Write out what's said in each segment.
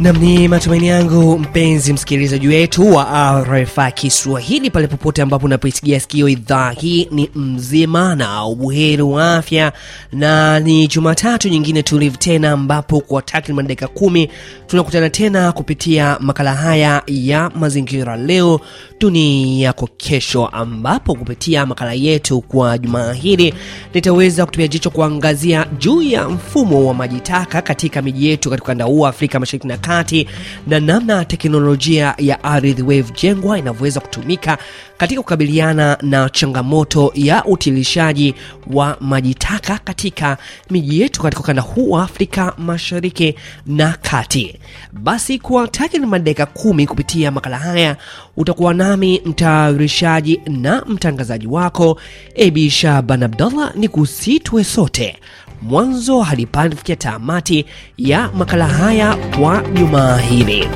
Nam ni matumaini yangu mpenzi msikilizaji wetu wa rfa Kiswahili, pale popote ambapo unapoisikia sikio idhaa hii, ni mzima na ubuheri wa afya, na ni Jumatatu nyingine tulivu tena, ambapo kwa takriban dakika kumi tunakutana tena kupitia makala haya ya mazingira, leo tuni yako kesho, ambapo kupitia makala yetu kwa jumaa hili nitaweza kutupia jicho kuangazia juu ya mfumo wa maji taka katika miji yetu katika ukanda huu Afrika Mashariki na mikakati na namna teknolojia ya ardhi wave jengwa inavyoweza kutumika katika kukabiliana na changamoto ya utilishaji wa maji taka katika miji yetu katika ukanda huu wa Afrika Mashariki na Kati. Basi kwa takriban madakika kumi kupitia makala haya utakuwa nami mtayarishaji na mtangazaji wako Ebi Shaban Abdallah, ni kusitwe sote mwanzo hadi pande kufikia tamati ya makala haya kwa jumaa hili.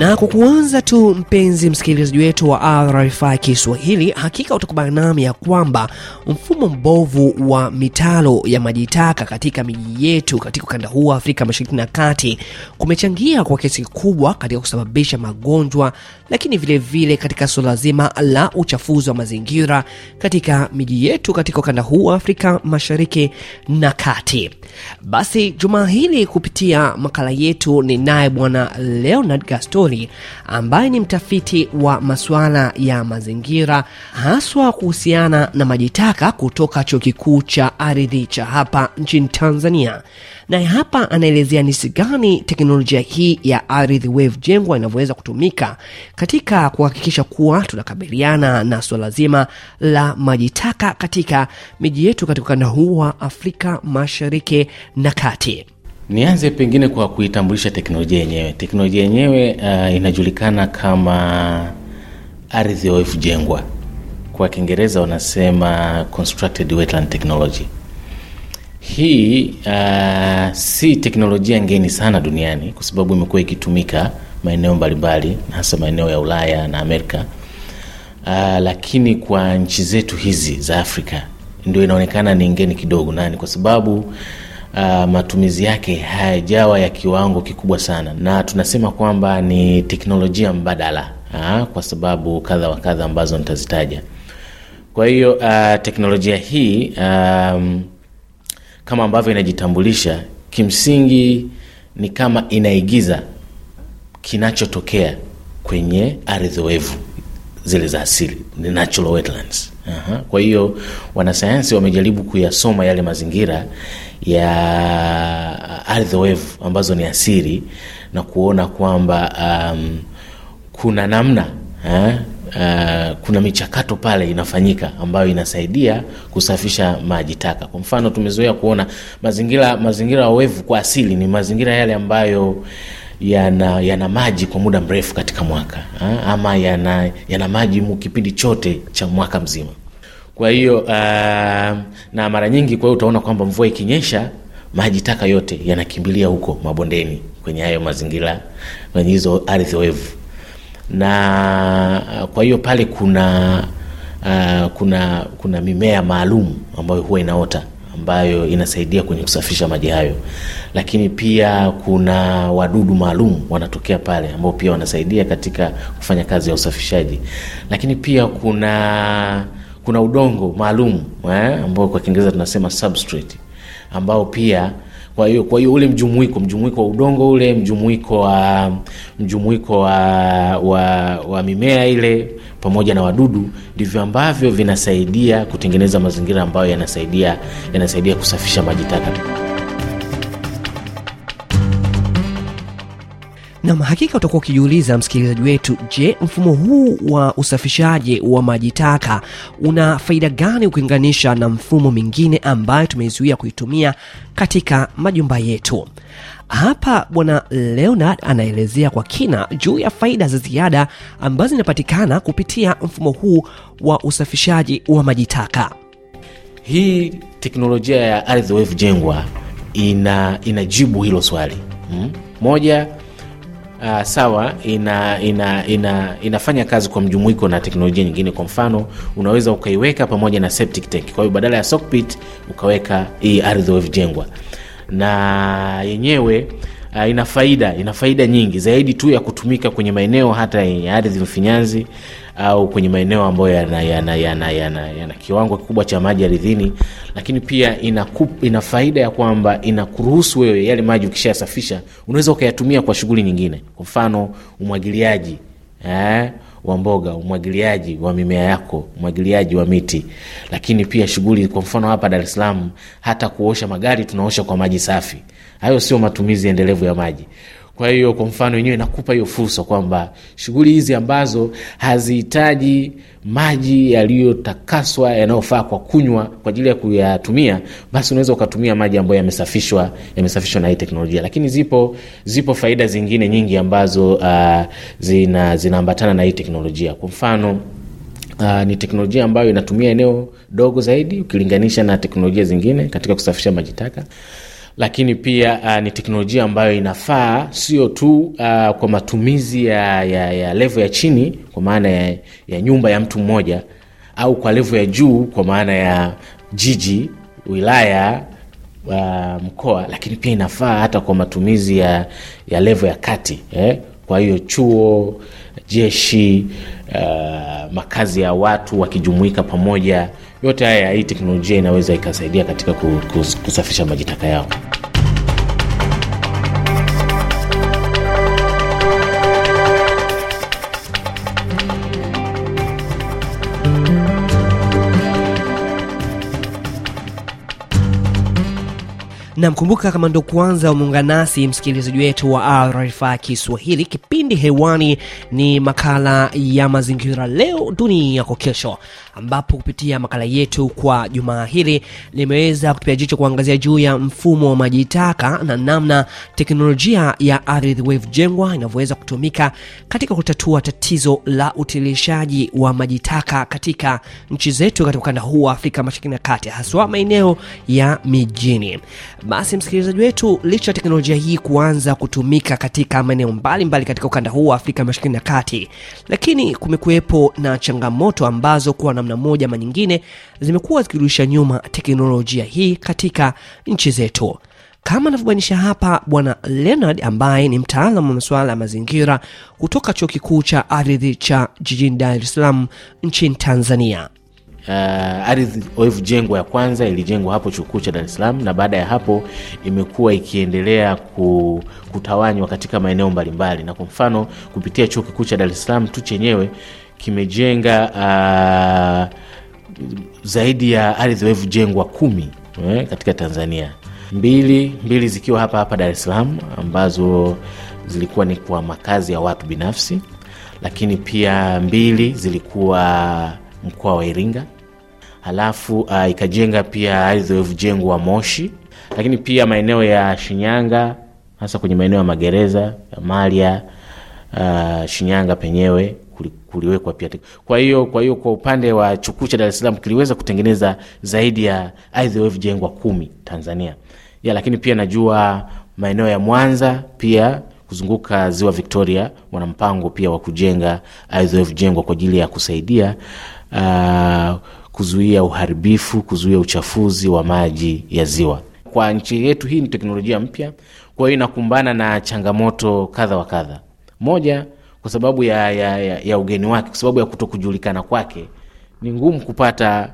Na kwa kuanza tu, mpenzi msikilizaji wetu wa RFI Kiswahili, hakika utakubali nami ya kwamba mfumo mbovu wa mitalo ya maji taka katika miji yetu katika ukanda huu wa Afrika Mashariki na Kati kumechangia kwa kiasi kikubwa katika kusababisha magonjwa, lakini vilevile vile katika suala zima la uchafuzi wa mazingira katika miji yetu katika ukanda huu wa Afrika Mashariki na Kati. Basi jumaa hili kupitia makala yetu ni naye Bwana Leonard Gaston Magufuli ambaye ni mtafiti wa masuala ya mazingira haswa kuhusiana na majitaka kutoka Chuo Kikuu cha Ardhi cha hapa nchini Tanzania. Naye hapa anaelezea jinsi gani teknolojia hii ya ardhi wave jengwa inavyoweza kutumika katika kuhakikisha kuwa tunakabiliana na suala zima la majitaka katika miji yetu katika ukanda huu wa Afrika Mashariki na Kati. Nianze pengine kwa kuitambulisha teknolojia yenyewe. Teknolojia yenyewe uh, inajulikana kama ardhi oevu jengwa, kwa Kiingereza wanasema constructed wetland technology. Hii uh, si teknolojia ngeni sana duniani kwa sababu imekuwa ikitumika maeneo mbalimbali, hasa maeneo ya Ulaya na Amerika. Uh, lakini kwa nchi zetu hizi za Afrika ndio inaonekana ni ngeni kidogo. Nani? Kwa sababu uh, matumizi yake hayajawa ya kiwango kikubwa sana, na tunasema kwamba ni teknolojia mbadala uh, kwa sababu kadha wa kadha ambazo nitazitaja. Kwa hiyo uh, teknolojia hii um, kama ambavyo inajitambulisha kimsingi ni kama inaigiza kinachotokea kwenye ardhi wevu zile za asili, the natural wetlands. Aha. Kwa hiyo wanasayansi wamejaribu kuyasoma yale mazingira ya ardhi oevu ambazo ni asili na kuona kwamba um, kuna namna Uh, kuna michakato pale inafanyika ambayo inasaidia kusafisha maji taka. Kwa mfano, tumezoea kuona mazingira mazingira wevu kwa asili ni mazingira yale ambayo yana, yana maji kwa muda mrefu katika mwaka ha? ama yana, yana maji kipindi chote cha mwaka mzima. Kwa hiyo uh, na mara nyingi, kwa hiyo utaona kwamba mvua ikinyesha maji taka yote yanakimbilia huko mabondeni kwenye hayo mazingira, kwenye hizo ardhi wevu, na kwa hiyo pale kuna uh, kuna kuna mimea maalum ambayo huwa inaota ambayo inasaidia kwenye kusafisha maji hayo, lakini pia kuna wadudu maalum wanatokea pale ambao pia wanasaidia katika kufanya kazi ya usafishaji, lakini pia kuna kuna udongo maalum eh, ambao kwa Kiingereza tunasema substrate ambao pia kwa hiyo kwa hiyo ule mjumuiko mjumuiko wa udongo ule mjumuiko wa mjumuiko wa, wa, wa mimea ile pamoja na wadudu ndivyo ambavyo vinasaidia kutengeneza mazingira ambayo yanasaidia, yanasaidia kusafisha maji taka. na hakika utakuwa ukijiuliza msikilizaji wetu, je, mfumo huu wa usafishaji wa maji taka una faida gani ukilinganisha na mfumo mingine ambayo tumezuia kuitumia katika majumba yetu? Hapa Bwana Leonard anaelezea kwa kina juu ya faida za ziada ambazo zinapatikana kupitia mfumo huu wa usafishaji wa maji taka. Hii teknolojia ya ardhi wave jengwa ina inajibu hilo swali hmm? Moja, uh, sawa ina, ina, ina, inafanya kazi kwa mjumuiko na teknolojia nyingine. Kwa mfano, unaweza ukaiweka pamoja na septic tank, kwa hiyo badala ya sock pit ukaweka hii ardhi jengwa na yenyewe uh, ina faida ina faida nyingi zaidi tu ya kutumika kwenye maeneo hata yenye ardhi mfinyanzi au kwenye maeneo ambayo yana, yana, yana, yana, yana kiwango kikubwa cha maji ardhini, lakini pia ina, kup, ina faida ya kwamba inakuruhusu wewe yale maji ukishayasafisha unaweza ukayatumia kwa shughuli nyingine, kwa mfano umwagiliaji eh, wa mboga, umwagiliaji wa mimea yako, umwagiliaji wa miti, lakini pia shughuli, kwa mfano hapa Dar es Salaam, hata kuosha magari tunaosha kwa maji safi. Hayo sio matumizi endelevu ya maji. Kwa hiyo kwa mfano yenyewe inakupa hiyo fursa kwamba shughuli hizi ambazo hazihitaji maji yaliyotakaswa yanayofaa kwa kunywa kwa ajili ya kuyatumia, basi unaweza ukatumia maji ambayo yamesafishwa, yamesafishwa na hii teknolojia. Lakini zipo, zipo faida zingine nyingi ambazo uh, zina zinaambatana na hii teknolojia. Kwa mfano Uh, ni teknolojia ambayo inatumia eneo dogo zaidi ukilinganisha na teknolojia zingine katika kusafisha maji taka lakini pia uh, ni teknolojia ambayo inafaa sio tu uh, kwa matumizi ya, ya, ya levo ya chini kwa maana ya, ya nyumba ya mtu mmoja au kwa levo ya juu kwa maana ya jiji, wilaya uh, mkoa, lakini pia inafaa hata kwa matumizi ya, ya levo ya kati eh? Kwa hiyo chuo, jeshi, uh, makazi ya watu wakijumuika pamoja, yote haya hii teknolojia inaweza ikasaidia katika kusafisha majitaka yao. Namkumbuka kama ndo kwanza umeunga nasi, msikilizaji wetu wa arifa Kiswahili, kipindi hewani ni makala ya mazingira, leo dunia yako kesho, ambapo kupitia makala yetu kwa jumaa hili limeweza kutupia jicho kuangazia juu ya mfumo wa maji taka na namna teknolojia ya wave Jengwa inavyoweza kutumika katika kutatua tatizo la utilishaji wa maji taka katika nchi zetu katika ukanda huu wa Afrika Mashariki na Kati, haswa maeneo ya mijini basi msikilizaji wetu, licha ya teknolojia hii kuanza kutumika katika maeneo mbalimbali katika ukanda huu wa Afrika Mashariki na Kati, lakini kumekuwepo na changamoto ambazo kwa namna moja ama nyingine zimekuwa zikirudisha nyuma teknolojia hii katika nchi zetu kama anavyobainisha hapa bwana Leonard ambaye ni mtaalamu wa masuala ya mazingira kutoka chuo kikuu cha ardhi cha jijini Dar es Salaam nchini Tanzania. Uh, ardhi oevu jengwa ya kwanza ilijengwa hapo chuo kikuu cha Dar Salaam na baada ya hapo imekuwa ikiendelea ku, kutawanywa katika maeneo mbalimbali, na kwa mfano kupitia chuo kikuu cha Dar Salaam tu chenyewe kimejenga uh, zaidi ya ardhi oevu jengwa kumi eh, katika Tanzania, mbili mbili zikiwa hapa hapa Dar es Salaam ambazo zilikuwa ni kwa makazi ya watu binafsi, lakini pia mbili zilikuwa mkoa wa Iringa, halafu uh, ikajenga pia ardhi wa Moshi, lakini pia maeneo ya Shinyanga, hasa kwenye maeneo ya magereza ya Malia, uh, Shinyanga penyewe kuliwekwa pia. Kwa hiyo kwa hiyo kwa upande wa chukuu cha Dar es Salaam kiliweza kutengeneza zaidi ya ardhi iliyojengwa kumi Tanzania ya, lakini pia najua maeneo ya Mwanza pia kuzunguka ziwa Victoria wana mpango pia wa kujenga ardhi iliyojengwa kwa ajili ya kusaidia Uh, kuzuia uharibifu, kuzuia uchafuzi wa maji ya ziwa. Kwa nchi yetu hii ni teknolojia mpya, kwa hiyo inakumbana na changamoto kadha wa kadha. Moja, kwa sababu ya, ya, ya, ya ugeni wake, kwa sababu ya kuto kujulikana kwake, ni ngumu kupata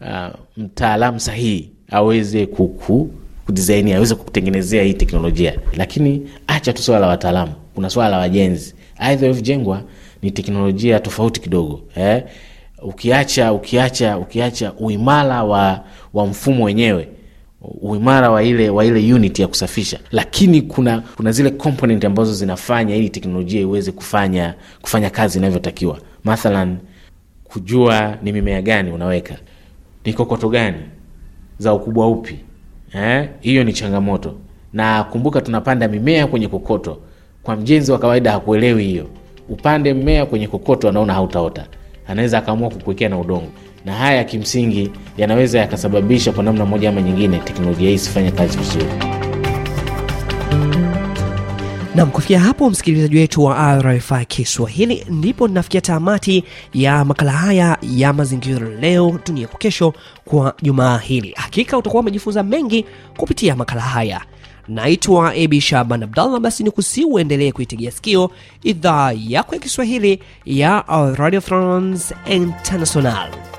uh, mtaalamu sahihi aweze kuku kudizaini aweze kutengenezea hii teknolojia. Lakini acha tu swala la wataalamu, kuna swala la wajenzi. Aidha, jengwa ni teknolojia tofauti kidogo eh? ukiacha ukiacha ukiacha uimara wa, wa mfumo wenyewe uimara wa ile wa ile unit ya kusafisha, lakini kuna kuna zile component ambazo zinafanya ili teknolojia iweze kufanya kufanya kazi inavyotakiwa. Mathalan, kujua ni mimea gani unaweka, ni kokoto gani za ukubwa upi. Eh, hiyo ni changamoto, na kumbuka tunapanda mimea kwenye kokoto. Kwa mjenzi wa kawaida hakuelewi hiyo. Upande mmea kwenye kokoto, anaona hautaota anaweza akaamua kukuwekea na udongo, na haya kimsingi yanaweza yakasababisha kwa namna moja ama nyingine teknolojia hii sifanye kazi vizuri. Nam, kufikia hapo, msikilizaji wetu wa RFI Kiswahili, ndipo ninafikia tamati ya makala haya ya mazingira leo dunia kwa kesho kwa jumaa hili. Hakika utakuwa umejifunza mengi kupitia makala haya. Naitwa Abi Shaban Abdallah. Basi ni kusi uendelee kuitegea sikio idhaa yako ya Kiswahili ya Radio France International.